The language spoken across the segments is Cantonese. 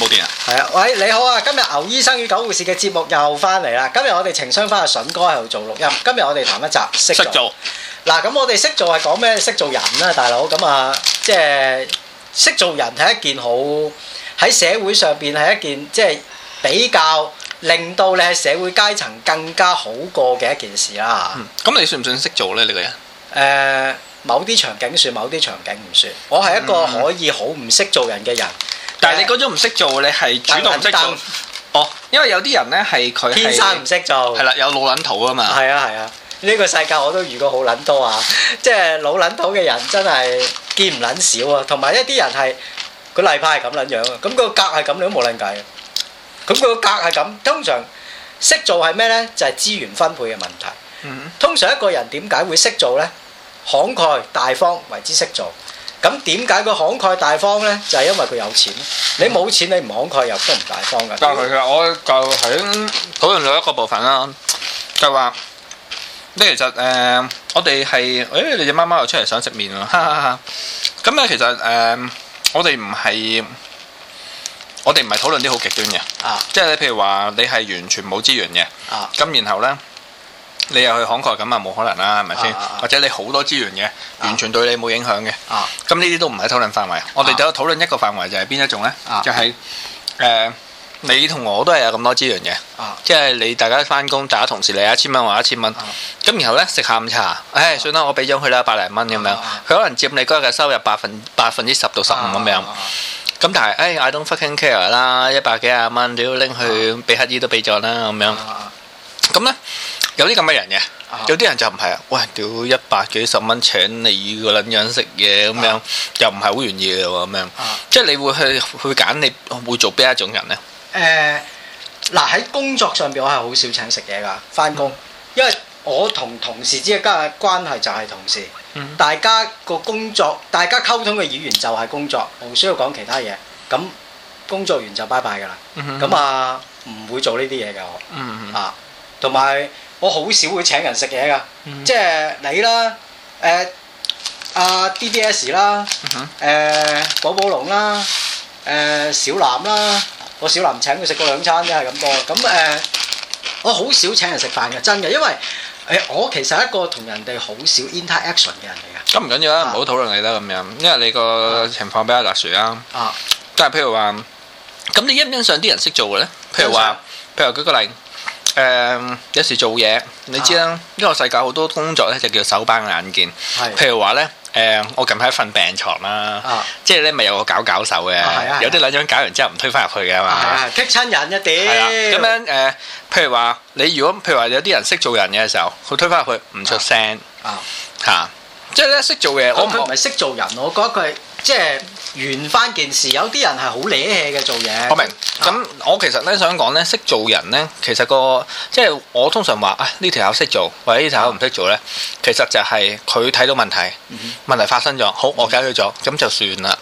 冇電啊！係啊，喂，你好啊！今日牛醫生與狗護士嘅節目又翻嚟啦！今日我哋情商翻阿筍哥喺度做錄音。今日我哋談一集識做。嗱，咁我哋識做係講咩？識做人啦，大佬。咁啊，即係識做人係一件好喺社會上邊係一件即係比較令到你喺社會階層更加好過嘅一件事啦。咁你算唔算識做咧？呢個人？誒，某啲場景算，某啲場景唔算。我係一個可以好唔識做人嘅人。但係你嗰種唔識做，你係主動唔識做。哦，因為有啲人咧係佢天生唔識做。係啦，有老撚土啊嘛。係啊係啊，呢個世界我都遇過好撚多啊！即係老撚土嘅人真係見唔撚少啊，同埋一啲人係個例牌係咁撚樣啊，咁個格係咁樣，你都冇撚計。啊咁個格係咁，通常識做係咩咧？就係資源分配嘅問題。嗯。通常一個人點解會識做咧？慷慨大方為之識做。咁點解佢慷慨大方呢？就係、是、因為佢有錢。你冇錢，你唔慷慨又都唔大方㗎。但係其實我就喺討論咗一個部分啦，就話、是，你其實誒、呃，我哋係誒，你隻貓貓又出嚟想食麵喎，咁咧其實誒、呃，我哋唔係，我哋唔係討論啲好極端嘅，即係你譬如話你係完全冇資源嘅，啊，咁然後呢。你又去慷慨咁啊？冇可能啦，係咪先？或者你好多資源嘅，完全對你冇影響嘅。咁呢啲都唔係討論範圍。我哋就討論一個範圍，就係邊一種呢？就係誒，你同我都係有咁多資源嘅，即係你大家翻工，大家同事，你一千蚊或一千蚊。咁然後呢，食下午茶，誒，算啦，我俾咗佢啦，百零蚊咁樣。佢可能佔你嗰日嘅收入百分，百分之十到十五咁樣。咁但係誒，I don't fucking care 啦，一百幾廿蚊你要拎去俾乞兒都俾咗啦咁樣。咁咧，有啲咁嘅人嘅，有啲人就唔係啊！喂，屌一百幾十蚊請你個撚樣食嘢咁樣，啊、又唔係好願意嘅喎咁樣。啊、即係你會去去揀，會你會做邊一種人咧？誒、呃，嗱、呃、喺工作上邊，我係好少請食嘢噶，翻工，嗯、因為我同同事之間嘅關係就係同事，嗯、大家個工作，大家溝通嘅語言就係工作，唔需要講其他嘢。咁工作完就拜拜噶啦。咁、嗯嗯、啊，唔會做呢啲嘢嘅我啊。同埋我好少會請人食嘢噶，嗯、即係你啦，誒、呃，啊 D B S 啦，誒、嗯哼呃，寶寶龍啦，誒、呃，小南啦，我小南請佢食過兩餐真係咁多。咁、嗯、誒、呃，我好少請人食飯嘅，真嘅，因為誒、呃，我其實係一個同人哋好少 interaction 嘅人嚟嘅。咁唔緊要啦，唔好討論你啦，咁樣、啊，因為你個情況比較特殊啊。啊，即係譬如話，咁你欣唔欣賞啲人識做嘅咧？譬如話，譬如舉個例。誒、嗯、有時做嘢，你知啦，呢、啊、為世界好多工作咧，就叫手板眼見。是的 譬如話咧誒，我近排瞓病床啦，啊、即係咧咪有個搞搞手嘅，啊是啊是啊，有啲兩樣搞完之後唔推返入去嘅嘛，啊是啊是啊，踢親人一點。咁樣誒、呃，譬如話你如果譬如話有啲人識做人嘅時候，佢推返入去唔出聲啊嚇，啊、即係咧識做嘢，我唔係識做人，我覺得佢即係。完翻件事，有啲人係好叻嘢嘅做嘢。我明，咁我其實咧想講咧，識做人咧，其實個即係我通常話啊，呢條友識做，或者呢條友唔識做咧，其實就係佢睇到問題，問題發生咗，好我解決咗，咁就算啦。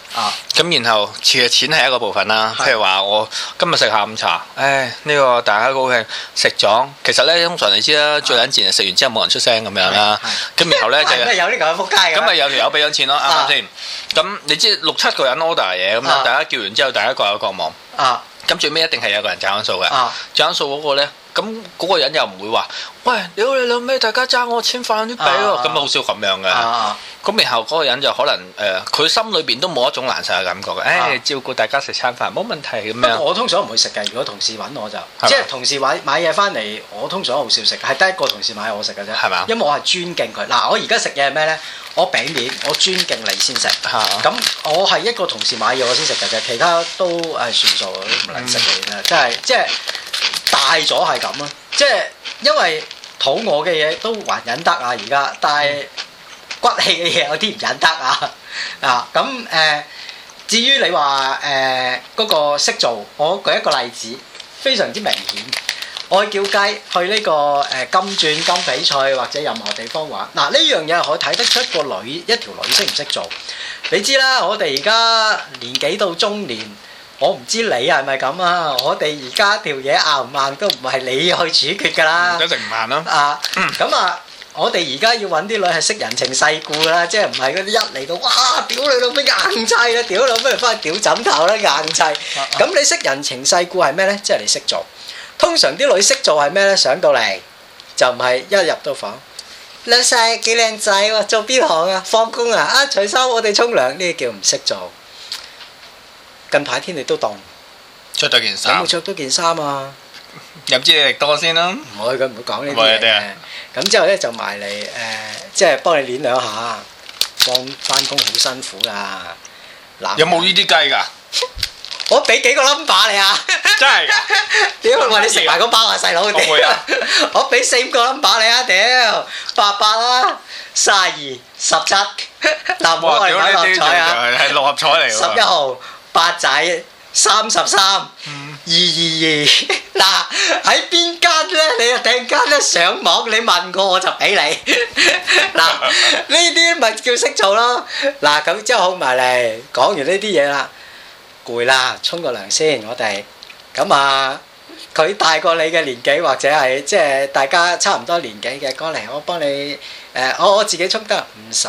咁然後似嘅錢係一個部分啦，譬如話我今日食下午茶，唉呢個大家高興食咗，其實咧通常你知啦，最捻賤係食完之後冇人出聲咁樣啦。咁然後咧就有呢狗仆街嘅。咁咪有條友俾咗錢咯啱啱先？咁你知六七。一個人 order 嘢咁樣，大家叫完之後，大家各有各忙。啊，咁最尾一定係有個人找數嘅。啊，找數嗰個咧。咁嗰個人又唔會話，喂，屌你老尾，大家爭我千飯啲俾喎。咁好少咁樣嘅。咁、啊、然後嗰個人就可能誒，佢、呃、心裏邊都冇一種難受嘅感覺嘅、啊哎。照顧大家食餐飯冇問題咁樣。我通常唔會食㗎，如果同事揾我就，嗎即係同事買買嘢返嚟，我通常好少食，係得一個同事買我食嘅啫，係嘛嗎？因為我係尊敬佢。嗱，我而家食嘢係咩呢？我俾面，我尊敬你先食。咁嗎、嗯、我係一個同事買嘢我先食嘅啫，其他都係算數，都唔能食嘅。啦， 真即係。大咗係咁咯，即係因為肚餓嘅嘢都還忍得啊，而家，但係骨氣嘅嘢有啲唔忍得啊，啊咁誒，至於你話誒嗰個識做，我舉一個例子，非常之明顯，我叫雞去呢個誒金鑽金翡翠或者任何地方玩，嗱呢樣嘢可睇得出個女一條女識唔識做，你知啦，我哋而家年紀到中年。我唔知你係咪咁啊！我哋而家條嘢硬唔硬都唔係你去主決㗎啦。想食唔硬啊！啊，咁啊，我哋而家要揾啲女係識人情世故啦，即係唔係嗰啲一嚟到哇，屌你老母硬晒啦，屌你老母不如翻去屌枕頭啦，硬晒！咁你識人情世故係咩呢？即係你識做。通常啲女識做係咩呢？上到嚟就唔係一入到房，老細幾靚仔喎，做邊行啊？放工啊！啊，除衫我哋沖涼，呢啲叫唔識做。近排天氣都凍，著多件衫。有冇著多件衫啊？飲支檸蜜多先啦。唔好，佢唔會講呢啲嘢。唔會啊，你啊。咁之後咧就埋嚟誒，即係幫你捻兩下。幫翻工好辛苦噶。有冇呢啲雞㗎？我俾幾個 number 你啊！真係。點會話你食埋個包啊？細佬佢哋。我俾四五個 number 你啊！屌，八八啦，卅二、十七。嗱，我係六合彩啊！係六合彩嚟。十一號。八仔三十三二二二嗱，喺邊間呢？你啊，突然間一上網，你問過我就俾你嗱，呢啲咪叫識做咯嗱。咁之後控埋嚟講完呢啲嘢啦，攰啦，沖個涼先，我哋咁啊，佢大過你嘅年紀，或者係即係大家差唔多年紀嘅，過嚟我幫你誒，我我自己沖得唔使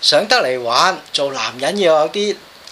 上得嚟玩，做男人要有啲。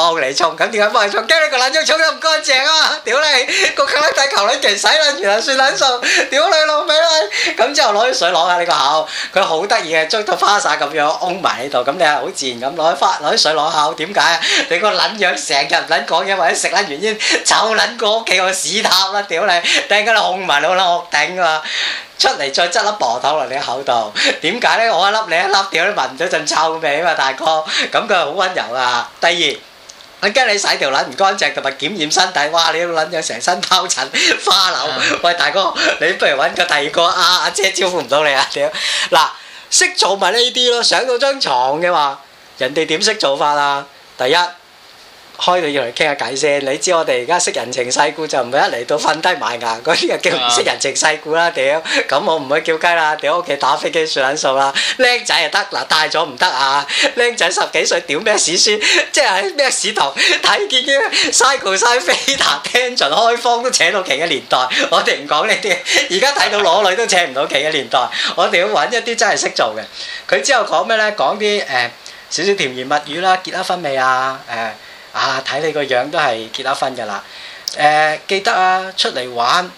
放嚟沖，咁點解放嚟沖？驚你個卵樣沖得唔乾淨啊！屌你，個卡拉仔球卵成洗卵，原來算卵數！屌你老味啦！咁之後攞啲水攞下你個口，佢好得意嘅，將到花灑咁樣，空埋喺度。咁你係好自然咁攞啲花，攞啲水攞口，點解？你個卵樣成日卵講嘢或者食卵煙，臭卵過屋企個屎塔啦！屌你，突然間你空埋好卵惡頂啊！出嚟再執粒薄頭落你口度，點解呢？我一粒你一粒，屌你聞咗陣臭味啊嘛！大哥，咁佢係好溫柔啊！第二。我驚你洗條撚唔乾淨同埋感染身體，哇！你撚有成身疱疹，花柳，嗯、喂，大哥，你不如揾個第二個啊！阿姐招呼唔到你啊屌！嗱，識做咪呢啲咯，上到張牀嘅話，人哋點識做法啊？第一。開到要嚟傾下偈先，你知我哋而家識人情世故就唔會一嚟到瞓低埋牙，嗰啲人叫唔識人情世故啦屌！咁我唔會叫雞啦，屌屋企打飛機算數啦，僆仔就得嗱，大咗唔得啊！僆仔十幾歲屌咩屎孫，即係咩屎堂睇見啲 cycle cycle 飛達聽盡開方都請到企嘅年代，我哋唔講呢啲。而家睇到裸女都請唔到企嘅年代，我哋要揾一啲真係識做嘅。佢之後講咩呢？講啲誒少少甜言蜜語啦，結咗婚未啊？誒。啊！睇你個樣都係結咗婚噶啦，誒、呃、記得啊，出嚟玩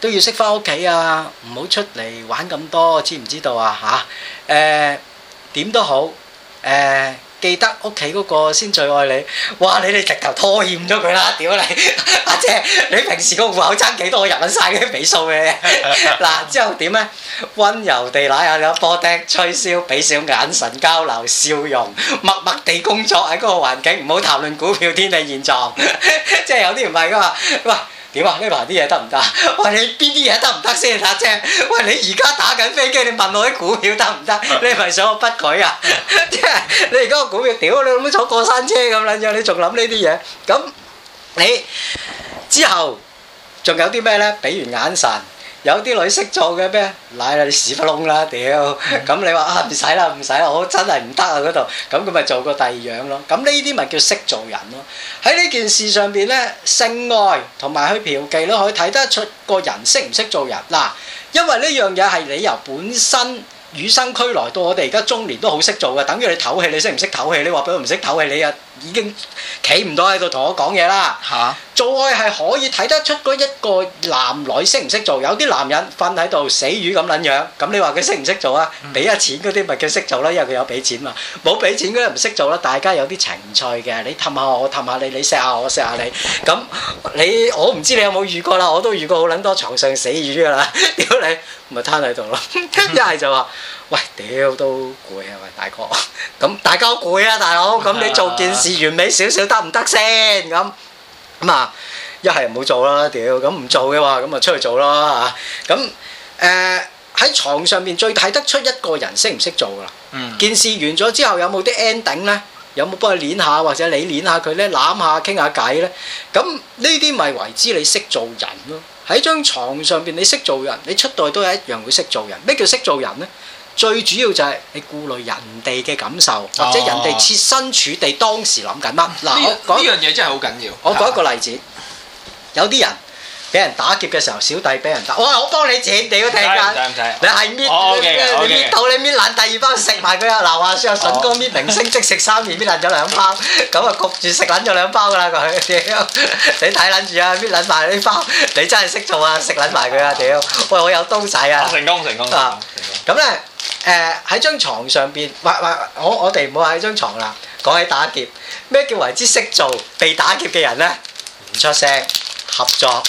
都要識翻屋企啊，唔好出嚟玩咁多，知唔知道啊？嚇誒點都好記得屋企嗰個先最愛你，哇！你哋直頭拖欠咗佢啦，屌你，阿姐，你平時個戶口爭幾多，我入緊曬啲尾數嘅，嗱，之後點呢？温柔地揦下啲波釘，吹簫，俾少眼神交流，笑容默默地工作喺個環境，唔好談論股票天氣現狀，即係有啲唔係噶嘛，喂。點啊？呢排啲嘢得唔得？喂，你邊啲嘢得唔得先啊？啫，喂，你而家打緊飛機，你問我啲股票得唔得？你係咪想我不舉啊？即係 你而家個股票屌你老母坐過山車咁撚樣，你仲諗呢啲嘢？咁你之後仲有啲咩呢？比如眼神。有啲女識做嘅咩？嗱，你屎忽窿啦，屌！咁你話啊，唔使啦，唔使啦，我真係唔得啊嗰度，咁佢咪做個第二樣咯。咁呢啲咪叫識做人咯。喺呢件事上邊呢，性愛同埋去嫖妓都可以睇得出個人識唔識做人嗱。因為呢樣嘢係你由本身與生俱來到我哋而家中年都好識做嘅，等於你唞氣，你識唔識唞氣？你話俾佢唔識唞氣，你啊～已經企唔到喺度同我講嘢啦。嚇、啊！做愛係可以睇得出嗰一個男女識唔識做。有啲男人瞓喺度死魚咁撚樣，咁你話佢識唔識做啊？俾啊、嗯、錢嗰啲咪叫識做啦，因為佢有俾錢嘛。冇俾錢嗰啲唔識做啦。大家有啲情趣嘅，你氹下我，氹下你，你錫下我，錫下你。咁你我唔知你有冇遇過啦，我都遇過好撚多床上死魚噶啦。屌 你，咪攤喺度咯，一係就話。喂，屌都攰啊！喂，大哥，咁大家攰啊，大佬，咁你做件事完美少少得唔得先？咁咁啊，一係唔好做啦，屌，咁唔做嘅話，咁啊出去做咯嚇。咁誒喺床上邊最睇得出一個人識唔識做㗎喇。嗯。件事完咗之後有冇啲 ending 呢？有冇幫佢捻下或者你捻下佢呢？攬下傾下偈呢？咁呢啲咪為之你識做人咯？喺張床上邊你識做人，你出代都係一樣會識做人。咩叫識做人呢？最主要就係你顧慮人哋嘅感受，哦、或者人哋設身處地當時諗緊乜？嗱這，我講呢樣嘢真係好緊要。我講一個例子，吧有啲人。俾人打劫嘅時候，小弟俾人打，我我幫你錢屌，停啊！唔使唔使，你係搣你搣到你搣爛第二包食埋佢啊！嗱，話說筍哥搣明星即食三件搣爛咗兩包，咁啊焗住食爛咗兩包噶啦佢屌你睇撚住啊！搣爛埋呢包，你真係識做啊！食爛埋佢啊！屌喂，我有刀仔啊！成功成功啊！咁咧誒喺張床上邊，或或我我哋唔好喺張床啦，講起打劫，咩叫為之識做被打劫嘅人咧？唔出聲合作。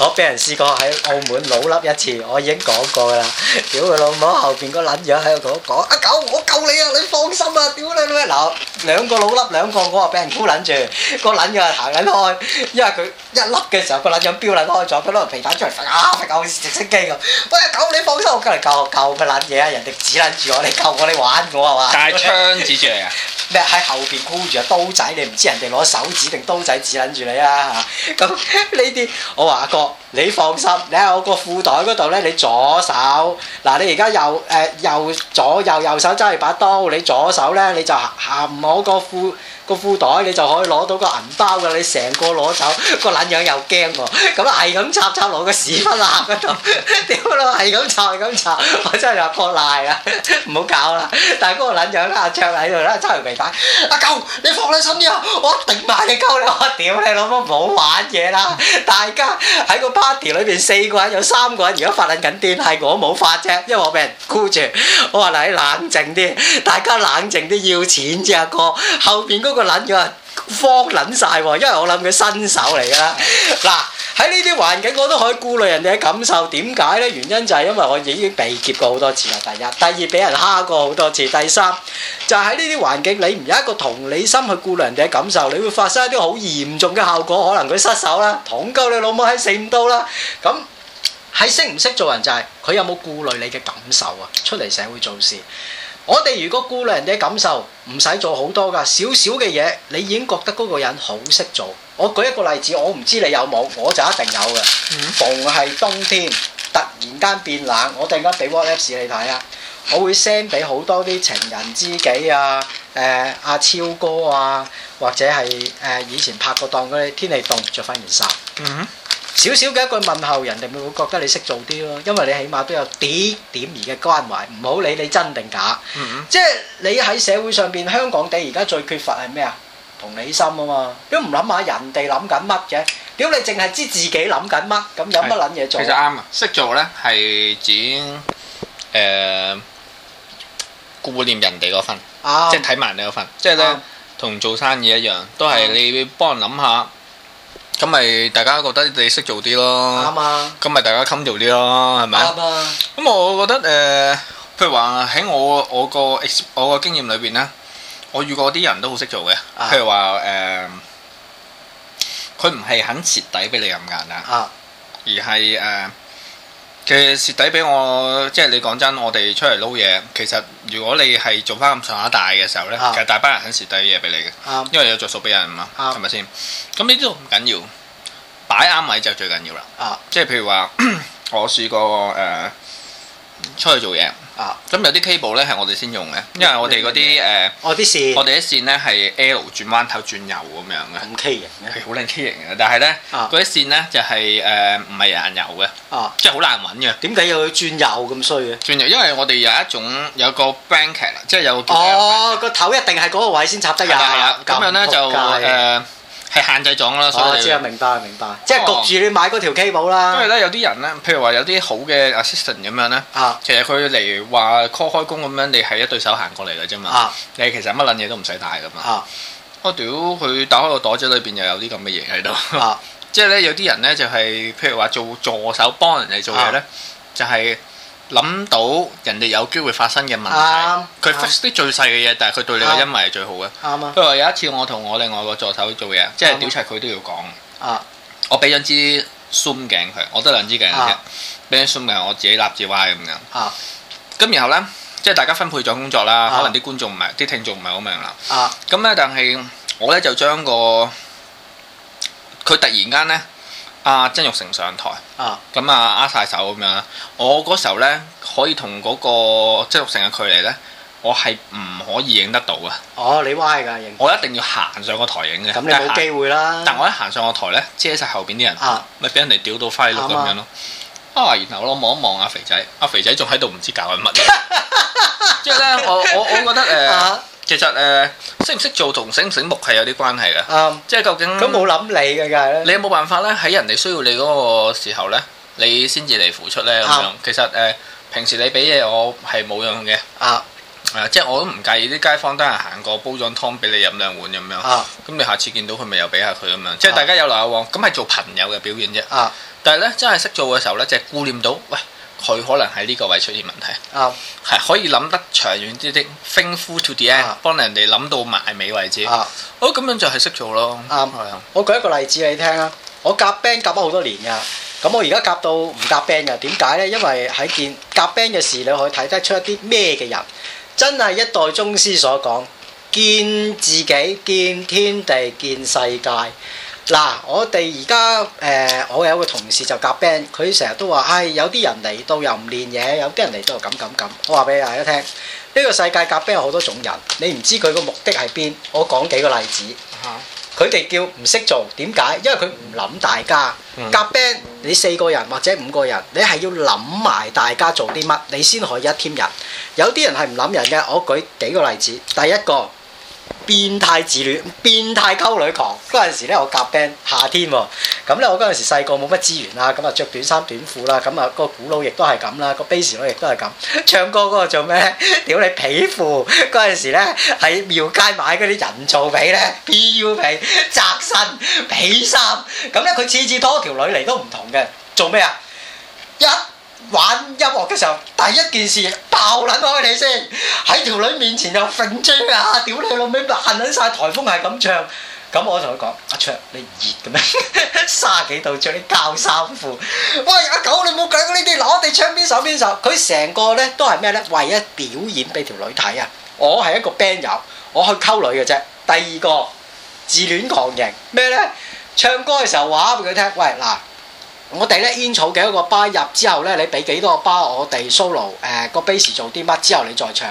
我俾人試過喺澳門老笠一次，我已經講過啦。屌佢老母，後邊個撚樣喺度講講，阿狗我救你啊！你放心啊！屌你老味，嗱兩個老笠兩個，我話俾人箍撚住，個撚樣行緊開，因為佢一笠嘅時候個撚樣標撚開咗，佢攞條皮帶出嚟，啊救直升機咁。喂，阿狗你放心，我嚟救，救咩撚嘢啊？人哋指撚住我，你救我你玩我啊嘛？帶槍指住你啊！咩喺後邊箍住啊，刀仔？你唔知人哋攞手指定刀仔指撚住你啊嚇！咁呢啲我話阿哥，你放心，你喺我個褲袋嗰度咧，你左手嗱，你而家右誒、呃、右左右右手揸住把刀，你左手咧你就行，行我個褲。個褲袋你就可以攞到個銀包㗎，你成個攞走，個撚、哦、樣又驚喎，咁啊係咁插插攞個屎忽籃嗰度，屌咯係咁插係咁插，我真係有破例啦，唔好搞啦！但係嗰個撚樣咧啊，雀喺度啦，抽完皮帶，阿、啊、舅你放你心啲啊，我一定買你鳩你我屌你老母唔好玩嘢啦！大家喺個 party 裏邊四個人有三個人癮癮而家發撚緊癲，係我冇發啫，因為我俾人箍住。我話你冷靜啲，大家冷靜啲要錢啫，阿、啊、哥後邊嗰、那個。撚嘅慌撚曬喎，因為我諗佢新手嚟噶啦。嗱喺呢啲環境，我都可以顧慮人哋嘅感受。點解呢？原因就係因為我已經被劫過好多次啦。第一，第二俾人蝦過好多次。第三就係喺呢啲環境，你唔有一個同理心去顧慮人哋嘅感受，你會發生一啲好嚴重嘅效果。可能佢失手啦，捅鳩你老母喺四五刀啦。咁喺識唔識做人就係佢有冇顧慮你嘅感受啊？出嚟社會做事。我哋如果顧慮人哋感受，唔使做好多㗎，少少嘅嘢，你已經覺得嗰個人好識做。我舉一個例子，我唔知你有冇，我就一定有嘅。逢係冬天突然間變冷，我突然間俾 WhatsApp 你睇啊。我會 send 俾好多啲情人知己啊，誒阿超哥啊，或者係誒以前拍過檔嗰啲，天氣凍著返件衫。嗯哼。少少嘅一個問候，人哋咪會覺得你識做啲咯，因為你起碼都有點點兒嘅關懷，唔好理你真定假，即係你喺社會上邊，香港地而家最缺乏係咩啊？同理心啊嘛，都唔諗下人哋諗緊乜嘅，屌你淨係知自己諗緊乜，咁有乜撚嘢做？其實啱啊，識做咧係指誒顧念人哋嗰份，即係睇埋你嗰份，即係咧同做生意一樣，都係你要幫人諗下。咁咪大家覺得你識做啲咯，啱啊吧！咁咪大家襟做啲咯，係咪？啱啊吧！咁我覺得誒、呃，譬如話喺我我個我個經驗裏邊咧，我遇過啲人都好識做嘅，吧譬如話誒，佢唔係肯徹底俾你入硬啊，吧而係誒。呃其實蝕底俾我，即係你講真，我哋出嚟撈嘢。其實如果你係做翻咁上下大嘅時候咧，啊、其實大班人肯蝕底嘢俾你嘅，啊、因為有着數俾人嘛，係咪先？咁呢啲都唔緊要，擺啱位就最緊要啦。啊、即係譬如話，我試過誒、呃，出去做嘢。咁有啲 cable 咧係我哋先用嘅，因為我哋嗰啲誒，我啲線，我哋啲線咧係 L 轉彎頭轉右咁樣嘅，咁畸形好靚，畸形嘅，但係咧，嗰啲線咧就係誒唔係硬油嘅，啊，即係好難揾嘅。點解要轉右咁衰嘅？轉右，因為我哋有一種有個 banker，即係有哦個頭一定係嗰個位先插得入，係啦，咁樣咧就誒。係限制咗啦，所以我知啊，明白明白，明白即係焗住你買嗰條 cable 啦。因為咧，有啲人咧，譬如話有啲好嘅 assistant 咁樣咧，啊，uh, 其實佢嚟話 call 開工咁樣，你係一對手行過嚟嘅啫嘛，啊，你其實乜撚嘢都唔使帶噶嘛，我屌佢打開個袋仔裏邊又有啲咁嘅嘢喺度， uh, 即係咧有啲人咧就係、是、譬如話做助手幫人哋做嘢咧，uh, 就係、是。諗到人哋有機會發生嘅問題，佢 focus 啲最細嘅嘢，但係佢對你嘅恩惠係最好嘅。啱啊！佢、啊、話、啊、有一次我同我另外個助手做嘢，即係屌柒佢都要講。啊！我俾咗支 zoom 鏡佢，我得兩支鏡嘅啫，俾 o、啊、支鏡，我自己立住歪咁樣。咁、啊、然後咧，即係大家分配咗工作啦，可能啲觀眾唔係，啲聽眾唔係好明啦。咁咧、啊，但係我咧就將個佢突然間咧。阿曾鈺成上台，咁啊，啊握曬手咁樣啦。我嗰時候咧可以同嗰、那個曾鈺成嘅距離咧，我係唔可以影得到啊。哦，你歪㗎影，我一定要行上個台影嘅。咁、嗯、你冇機會啦。但我一行上個台咧，遮晒後邊啲人，咪俾人哋屌到翻咯。咁樣咯。啊，啊，然後我望一望阿、啊、肥仔，阿、啊、肥仔仲喺度唔知搞緊乜嘢。即係咧，我我我覺得誒。呃啊其實誒，識唔識做同醒唔醒目係有啲關係嘅，啊、即係究竟佢冇諗你噶，你有冇辦法咧？喺人哋需要你嗰個時候咧，你先至嚟付出咧咁樣。啊、其實誒、啊，平時你俾嘢我係冇用嘅，誒、啊啊，即係我都唔介意啲街坊得閒行過煲咗湯俾你飲兩碗咁樣。咁、啊、你下次見到佢咪又俾下佢咁樣，即係大家有來有往，咁係、啊、做朋友嘅表現啫。啊、但係咧，真係識做嘅時候咧，就係顧念到喂。佢可能喺呢個位出現問題，係、啊、可以諗得長遠啲啲，think through to the end，幫人哋諗到埋尾位置。好咁、啊哦、樣就係識做咯。啱，啊。是我舉一個例子你聽啦，我夾 band 夾咗好多年㗎，咁我而家夾到唔夾 band 㗎？點解咧？因為喺見夾 band 嘅時，你可以睇得出一啲咩嘅人，真係一代宗師所講，見自己，見天地，見世界。嗱，我哋而家誒，我有個同事就夾 band，佢成日都話：唉、哎，有啲人嚟到又唔練嘢，有啲人嚟到又咁咁咁。我話俾大家聽，呢、這個世界夾 band 有好多種人，你唔知佢個目的係邊。我講幾個例子。嚇！佢哋叫唔識做，點解？因為佢唔諗大家夾 band，、嗯、你四個人或者五個人，你係要諗埋大家做啲乜，你先可以一 team 人。有啲人係唔諗人嘅。我舉幾個例子，第一個。變態自戀、變態溝女狂，嗰陣時咧，我夾 band 夏天喎、啊，咁咧我嗰陣時細個冇乜資源啦、啊，咁啊着短衫短褲啦、啊，咁啊個鼓佬亦都係咁啦，個 base 佬亦都係咁，唱歌嗰個做咩？屌你皮褲！嗰陣時咧喺廟街買嗰啲人造皮咧，PU 皮窄身皮衫，咁咧佢次次拖條女嚟都唔同嘅，做咩啊？一玩音樂嘅時候，第一件事爆撚開你先，喺條女面前又粉豬啊，屌你老味，扮撚曬颱風係咁唱。咁我同佢講：阿卓，你熱嘅咩？卅幾度著啲膠衫褲。喂，阿九，你冇講呢啲。嗱，我哋唱邊首邊首。佢成個咧都係咩咧？為咗表演俾條女睇啊！我係一個 band 友，我去溝女嘅啫。第二個自戀狂型咩咧？唱歌嘅時候話俾佢聽：喂嗱。我哋咧煙草幾多個 bar 入之後咧，你俾幾多個 bar 我哋 solo，誒個 bass 做啲乜之後你再唱，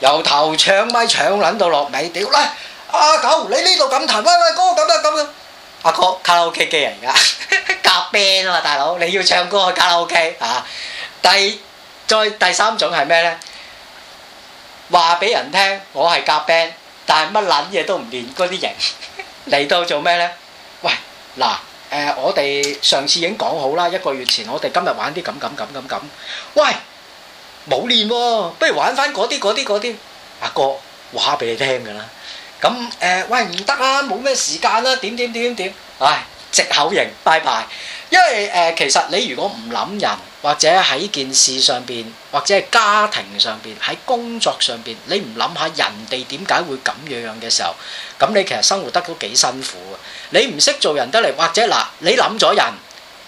由頭唱咪唱撚到落尾，屌啦！阿九你呢度敢彈啦啦歌，咁啊咁啊！阿哥卡拉 OK 嘅人噶夾 band 啊嘛，大佬你要唱歌卡拉 OK 啊！第再第三種係咩咧？話俾人聽我係夾 band，但係乜撚嘢都唔練，嗰啲人嚟到做咩咧？喂嗱！誒，我哋上次已經講好啦，一個月前我哋今日玩啲咁咁咁咁咁。喂，冇練喎，不如玩翻嗰啲嗰啲嗰啲。阿哥話俾你聽㗎啦。咁誒，喂唔得啊，冇咩時間啦，點點點點點。唉，直口型拜拜。因為誒，其實你如果唔諗人，或者喺件事上邊，或者係家庭上邊，喺工作上邊，你唔諗下人哋點解會咁樣嘅時候，咁你其實生活得都幾辛苦啊。你唔識做人得嚟，或者嗱，你諗咗人，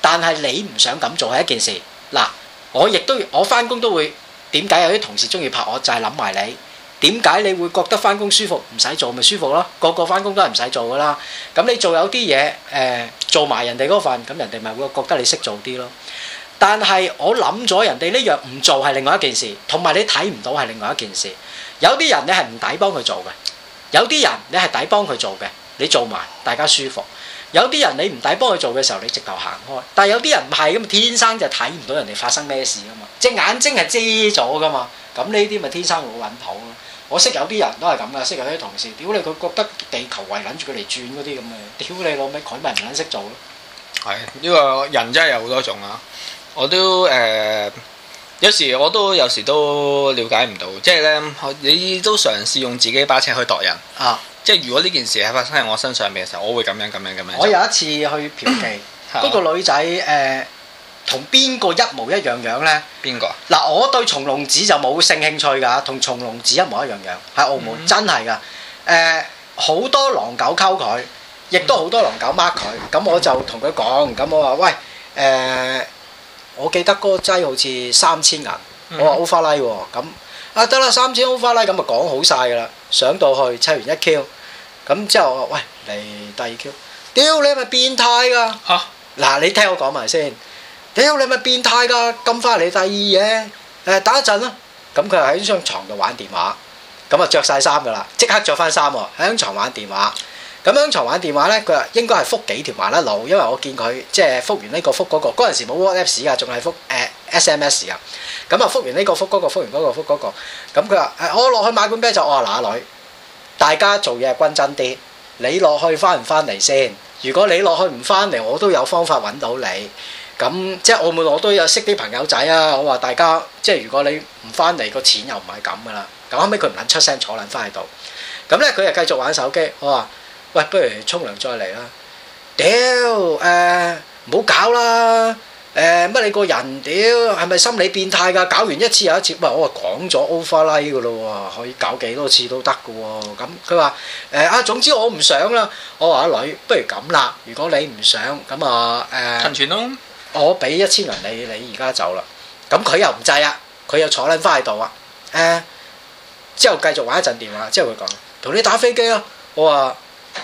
但係你唔想咁做係一件事。嗱，我亦都我返工都會點解有啲同事中意拍我，就係諗埋你。點解你會覺得返工舒服唔使做咪舒服咯？個個返工都係唔使做㗎啦。咁你做有啲嘢，誒，做埋人哋嗰份，咁人哋咪會覺得你識做啲咯。但係我諗咗人哋呢樣唔做係另外一件事，同埋你睇唔到係另外一件事。有啲人你係唔抵幫佢做嘅，有啲人你係抵幫佢做嘅。你做埋，大家舒服。有啲人你唔抵幫佢做嘅時候，你直頭行開。但係有啲人唔係咁，天生就睇唔到人哋發生咩事噶嘛。隻眼睛係遮咗噶嘛。咁呢啲咪天生冇揾頭咯。我識有啲人都係咁噶，識有啲同事。屌你，佢覺得地球圍撚住佢嚟轉嗰啲咁嘅，屌你老味，佢咪唔撚識做咯。係呢、這個人真係有好多種啊！我都誒、呃，有時我都有時都瞭解唔到，即係咧，你都嘗試用自己把尺去度人啊。即係如果呢件事係發生喺我身上面嘅時候，我會咁樣咁樣咁樣。我有一次去嫖妓，嗰個女仔誒同邊個一模一樣樣咧？邊個？嗱，我對松隆子就冇性興趣㗎，同松隆子一模一樣樣，喺澳門真係㗎。誒，好多狼狗溝佢，亦都好多狼狗 mark 佢。咁我就同佢講，咁我話喂，誒，我記得嗰個劑好似三千銀，我話歐花拉喎，咁啊得啦，三千歐花拉，咁就講好晒㗎啦。上到去，砌完一 Q。咁之後，喂，嚟第二 Q，屌你係咪變態㗎？嚇、啊！嗱，你聽我講埋先，屌你係咪變態㗎？咁快嚟第二嘅？誒、哎，打一陣啦。咁佢喺張床度玩電話，咁啊着晒衫㗎啦，即刻着翻衫喺張牀玩電話。咁喺張牀玩電話咧，佢話應該係覆幾條麻甩佬，因為我見佢即係覆完呢個覆嗰個，嗰陣時冇 WhatsApp 嘅，仲係覆誒 SMS 嘅。咁啊覆完呢個覆嗰個，覆完嗰個覆嗰個，咁佢話誒我落去買罐啤酒，我話嗱女。大家做嘢均真啲，你落去返唔返嚟先？如果你落去唔返嚟，我都有方法揾到你。咁即係澳門，我都有識啲朋友仔啊！我話大家，即係如果你唔返嚟，個錢又唔係咁㗎啦。咁後尾佢唔肯出聲，坐撚返喺度。咁咧佢又繼續玩手機。我話：喂，不如沖涼再嚟啦。屌，誒、呃，唔好搞啦！乜、哎、你個人屌係咪心理變態㗎？搞完一次又一次，喂、哎、我話講咗 overline 㗎咯喎，可以搞幾多次都得㗎喎。咁佢話誒啊，總之我唔想啦。我話阿女，不如咁啦，如果你唔想咁啊誒，陳、嗯、全、嗯、咯，我俾一千零你，你而家走啦。咁、嗯、佢、嗯、又唔制啊，佢又坐撚翻喺度啊誒，之後繼續玩一陣電話，之後佢講同你打飛機咯、啊。我話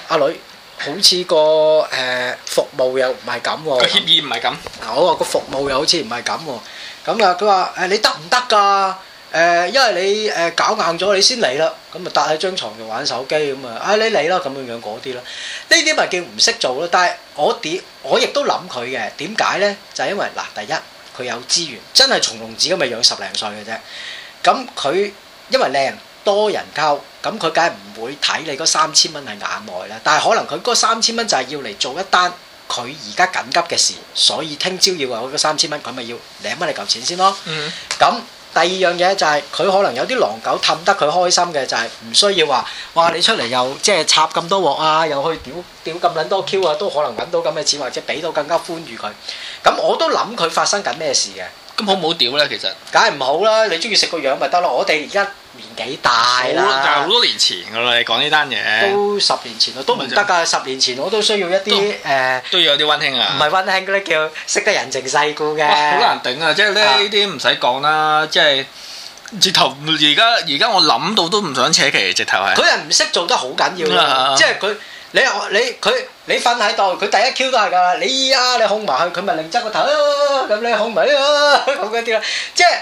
阿、啊、女。好似個誒服務又唔係咁，個協議唔係咁。嗱，我話個服務又好似唔係咁喎。咁啊，佢話誒你得唔得㗎？誒，因為你誒搞硬咗，你先嚟啦。咁啊，搭喺張牀度玩手機咁啊，啊你嚟啦咁樣樣嗰啲啦。呢啲咪叫唔識做咯。但係我點，我亦都諗佢嘅點解咧？就係因為嗱，第一佢有資源，真係從龍子咁咪養十零歲嘅啫。咁佢因為靚。多人溝，咁佢梗係唔會睇你嗰三千蚊喺眼內啦。但係可能佢嗰三千蚊就係要嚟做一單佢而家緊急嘅事，所以聽朝要話嗰三千蚊，佢咪要領翻你嚿錢先咯。咁、嗯、第二樣嘢就係、是、佢可能有啲狼狗氹得佢開心嘅，就係、是、唔需要話哇你出嚟又即係插咁多鑊啊，又去屌屌咁撚多 Q 啊，都可能揾到咁嘅錢，或者俾到更加寬裕佢。咁我都諗佢發生緊咩事嘅。好唔好屌咧？其實，梗係唔好啦！你中意食個樣咪得咯。我哋而家年紀大啦，但係好多年前㗎啦，你講呢單嘢都十年前啦，都唔得㗎。十年前我都需要一啲誒，都要有啲溫馨啊，唔係溫馨嗰啲叫識得人情世故嘅。好難頂啊！即係咧呢啲唔使講啦，即係直頭而家而家我諗到都唔想扯其，直頭係佢人唔識做得好緊要喇，即係佢。你學你佢你瞓喺度，佢第一 Q 都係㗎啦。你啊，你哄埋佢，佢咪另側個頭咁咧，你哄埋咁嗰啲啦。即係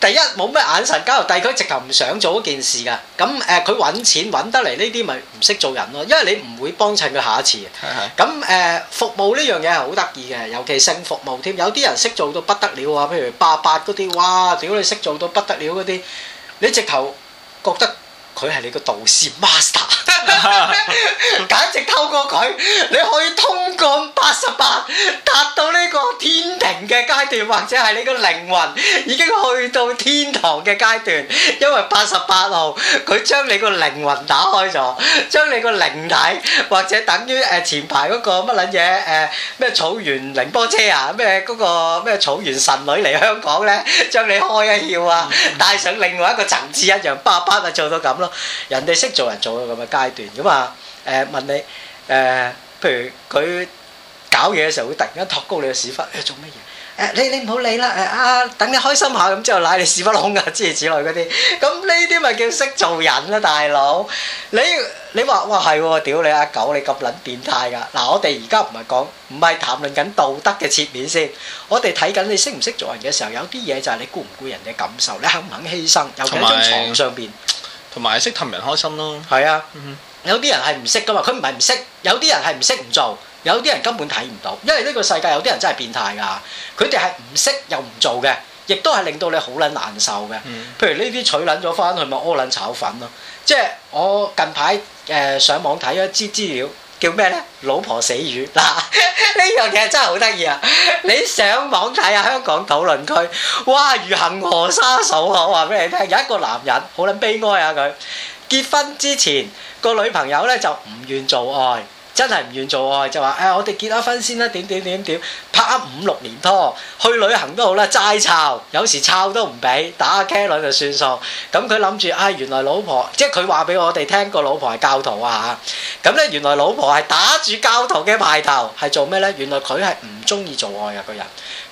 第一冇咩眼神交流，第二佢直頭唔想做嗰件事㗎。咁誒，佢揾錢揾得嚟呢啲咪唔識做人咯。因為你唔會幫襯佢下一次啊。咁誒，服務呢樣嘢係好得意嘅，尤其性服務添。有啲人識做到不得了啊，譬如八八嗰啲，哇！屌你識做到不得了嗰啲，你直頭覺得。佢係你個導師 Master，簡直透過佢你可以通過八十八達到呢個天庭嘅階段，或者係你個靈魂已經去到天堂嘅階段，因為八十八號佢將你個靈魂打開咗，將你個靈體或者等於誒前排嗰個乜撚嘢誒咩草原凌波車啊，咩嗰個咩草原神女嚟香港咧，將你開一竅啊，帶上另外一個層次一樣，啪啪啊做到咁咯～人哋識做人做到咁嘅階段咁啊？誒、呃、問你誒、呃，譬如佢搞嘢嘅時候會突然間托高你嘅屎忽，做乜嘢？誒、哎、你你唔好理啦！誒、哎、啊，等你開心下咁之後，拉你屎忽窿啊，諸如此類嗰啲。咁呢啲咪叫識做人啦、啊，大佬！你你話哇係喎，屌你阿、啊、狗，你咁撚變態㗎！嗱、啊，我哋而家唔係講，唔係談論緊道德嘅切面先，我哋睇緊你識唔識做人嘅時候，有啲嘢就係你顧唔顧人嘅感受，你肯唔肯犧牲？尤其喺張床上邊。同埋識氹人開心咯，係啊，嗯、哼有啲人係唔識㗎嘛，佢唔係唔識，有啲人係唔識唔做，有啲人根本睇唔到，因為呢個世界有啲人真係變態㗎，佢哋係唔識又唔做嘅，亦都係令到你好撚難受嘅。嗯、譬如呢啲取撚咗翻去咪屙撚炒粉咯，即係我近排誒上網睇一啲資料。叫咩呢？老婆死魚嗱，呢樣嘢真係好得意啊！你上網睇下香港討論區，哇！如恆河沙數啊！我話俾你聽，有一個男人好撚悲哀啊！佢結婚之前個女朋友呢就唔願做愛。真係唔願做愛，就話誒、哎、我哋結咗婚先啦，點點點點拍咗五六年拖，去旅行都好啦，齋摷，有時摷都唔俾，打下茄輪就算數。咁佢諗住啊，原來老婆即係佢話俾我哋聽，個老婆係教徒啊嚇。咁咧原來老婆係打住教徒嘅牌頭係做咩咧？原來佢係唔中意做愛啊個人，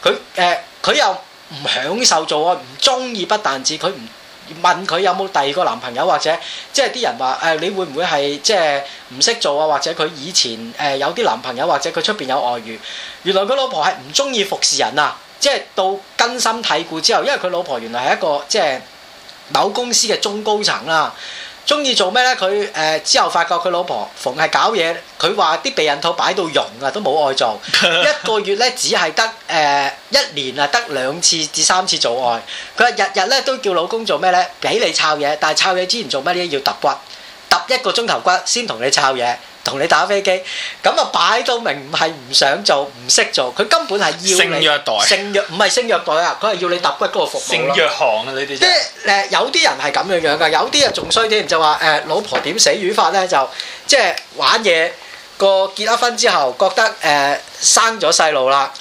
佢誒佢又唔享受做愛，唔中意不單止，佢唔。問佢有冇第二個男朋友，或者即係啲人話誒、呃，你會唔會係即係唔識做啊？或者佢以前誒、呃、有啲男朋友，或者佢出邊有外遇？原來佢老婆係唔中意服侍人啊！即係到根深蒂固之後，因為佢老婆原來係一個即係某公司嘅中高層啦、啊。中意做咩呢？佢誒、呃、之後發覺佢老婆逢係搞嘢，佢話啲避孕套擺到溶啊，都冇愛做。 一個月呢，只係得誒、呃、一年啊，得兩次至三次做愛。佢話日日呢，都叫老公做咩呢？俾你摷嘢，但係摷嘢之前做咩呢？要揼骨，揼一個鐘頭骨先同你摷嘢。同你打飛機咁啊，擺到明唔係唔想做，唔識做，佢根本係要你性虐待，性虐唔係性虐待啊，佢係要你揼骨嗰個服務。性虐行啊，你哋即係誒有啲人係咁樣樣㗎，有啲啊仲衰啲，就話誒老婆點死魚法咧，就即係玩嘢個結咗婚之後，覺得誒生咗細路啦，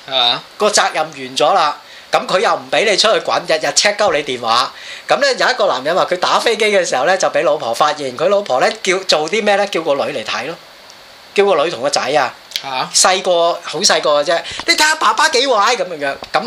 個責任完咗啦，咁佢又唔俾你出去滾，日日 check 鳩你電話。咁咧有一個男人話佢打飛機嘅時候咧，就俾老婆發現，佢老婆咧叫做啲咩咧？叫個女嚟睇咯。叫個女同個仔啊，細個好細個嘅啫，你睇下爸爸幾壞，咁樣樣咁。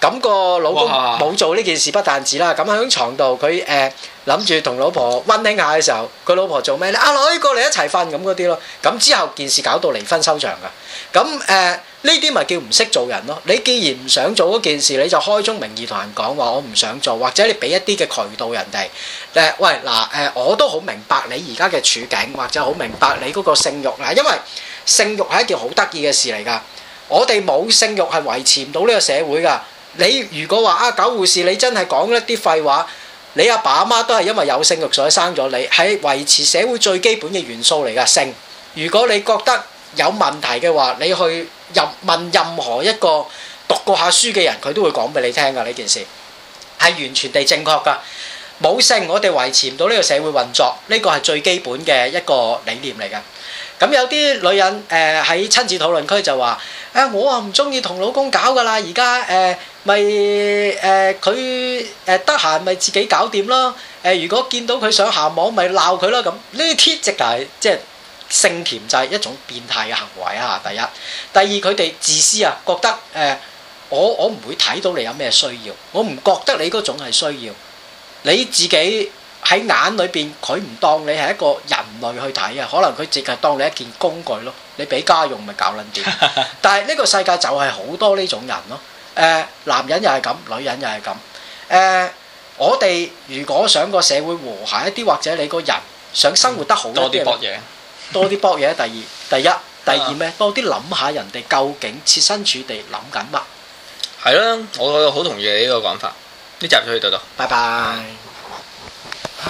咁個老公冇哇做呢件事不但止啦，咁喺床度佢誒諗住同老婆溫馨下嘅時候，佢老婆做咩咧？阿、啊、女過嚟一齊瞓咁嗰啲咯。咁之後件事搞到離婚收場噶。咁誒呢啲咪叫唔識做人咯？你既然唔想做嗰件事，你就開宗明義同人講話，我唔想做，或者你俾一啲嘅渠道人哋誒、呃、喂嗱誒、呃，我都好明白你而家嘅處境，或者好明白你嗰個性慾嗱，因為性慾係一件好得意嘅事嚟㗎。我哋冇性慾係維持唔到呢個社會㗎。你如果話啊，九護士，你真係講一啲廢話。你阿爸阿媽都係因為有性欲，所以生咗你，係維持社會最基本嘅元素嚟噶。性，如果你覺得有問題嘅話，你去任問任何一個讀過下書嘅人，佢都會講俾你聽噶。呢件事係完全地正確噶。冇性，我哋維持唔到呢個社會運作，呢個係最基本嘅一個理念嚟噶。咁有啲女人誒喺親子討論區就話：，啊、哎，我啊唔中意同老公搞噶啦，而家誒咪誒佢誒得閒咪自己搞掂咯。誒、呃、如果見到佢上下網咪鬧佢咯。咁呢啲即係即係性甜就係一種變態嘅行為啊！第一，第二佢哋自私啊，覺得誒、呃、我我唔會睇到你有咩需要，我唔覺得你嗰種係需要，你自己。喺眼裏邊，佢唔當你係一個人類去睇啊，可能佢淨係當你一件工具咯。你俾家用咪搞撚掂？但係呢個世界就係好多呢種人咯。誒、呃，男人又係咁，女人又係咁。誒、呃，我哋如果想個社會和諧一啲，或者你個人想生活得好，多啲搏嘢，多啲搏嘢。第二，第一，第二咩？ 多啲諗下人哋究竟設身處地諗緊乜？係啦，我好同意你呢個講法。呢集就去度度，拜拜。嗯。